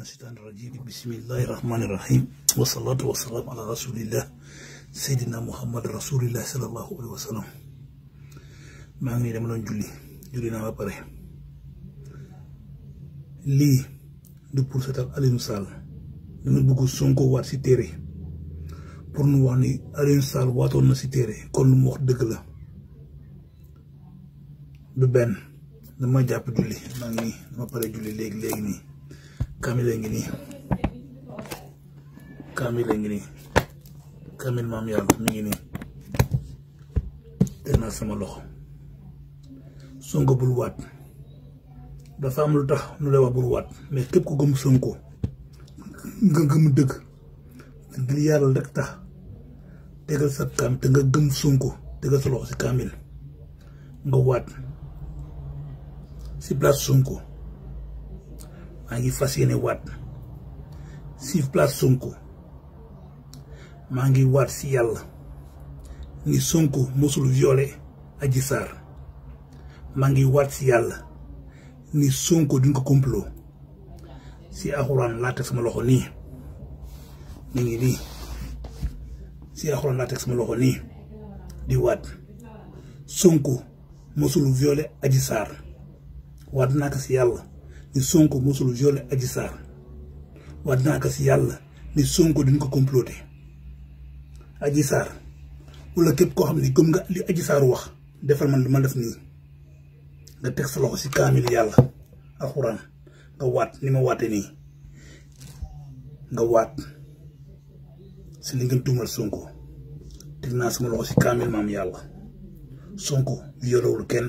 mina shaytaani rajiim bismillahi wasalaatu wasalaam ala rasulillah seydina muhammad rasulillah sallallahu alayhi maa ngi nii dama doon julli julli naa ba pare lii du pour setal dama bëgg Sonko waat si téere pour nu wax ni Aliou waatoon na si téere kon lu mu wax dëgg la du benn dama jàpp julli maa ngi nii dama pare julli léegi léegi nii kaamil a ngi nii kaamil a ngi nii kaamil maam yàlla mi ngi nii teg naa sama loxo sonko bul waat dafa am lu tax nu la wax bul waat mais képp ku gëm sonko nga gëm dëgg te ngir yàlla rek tax nga gëm sonko tegal sa loxo si kaamil nga waat si place sonko maa ngi fas yéene waat si place Sonko maa ngi waat si yàlla ni Sonko mosul violé Adji Sarr maa ngi waat si yàlla ni Sonko duñ ko complot si axuraan laa teg loxo nii mi ngi nii si axuraan laa teg loxo nii di waat Sonko mosul violé Adji Sarr waat naa ko si yàlla. ni Sonko mosul violé Adji Sarr waat ko si yàlla ni Sonko duñ ko comploté Adji Sarr képp koo xam ne gëm nga li Adji Sarr wax defal man li ma def nii nga teg sa loxo si kaamil yàlla alxuraan nga waat ni ma waate nii nga waat si li ngeen tuumal Sonko teg naa sama loxo si kaamil maam yàlla Sonko violewul kenn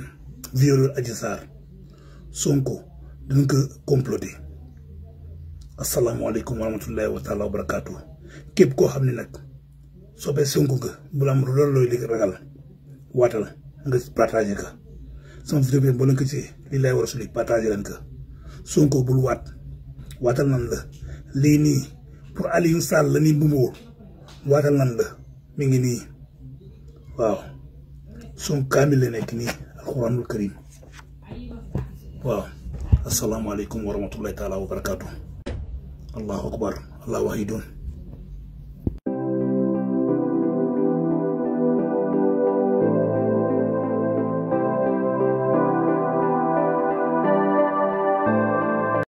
violewul Adji Sonko dañ ko comploter asalaamaaleykum wa rahmatullahi wa taala wa barakaatu képp koo xam ne nag soppee Sonko nga bu la am loolu looy léegi ragal waatal nga partagé ko sama vidéo bi boo leen bul waat waatal nan la lii nii pour Aliou Sall la nii bu waatal nan la mi ngi nii waaw son kaamil la nekk nii alxuraanul karim waaw assalaamu aleykum wa rahmatullahi taala wa barakaatu allahu akbar allah wahidun